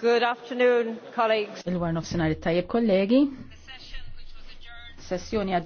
Good afternoon, colleagues. Il-war nofsinari tajib kollegi. Sessjoni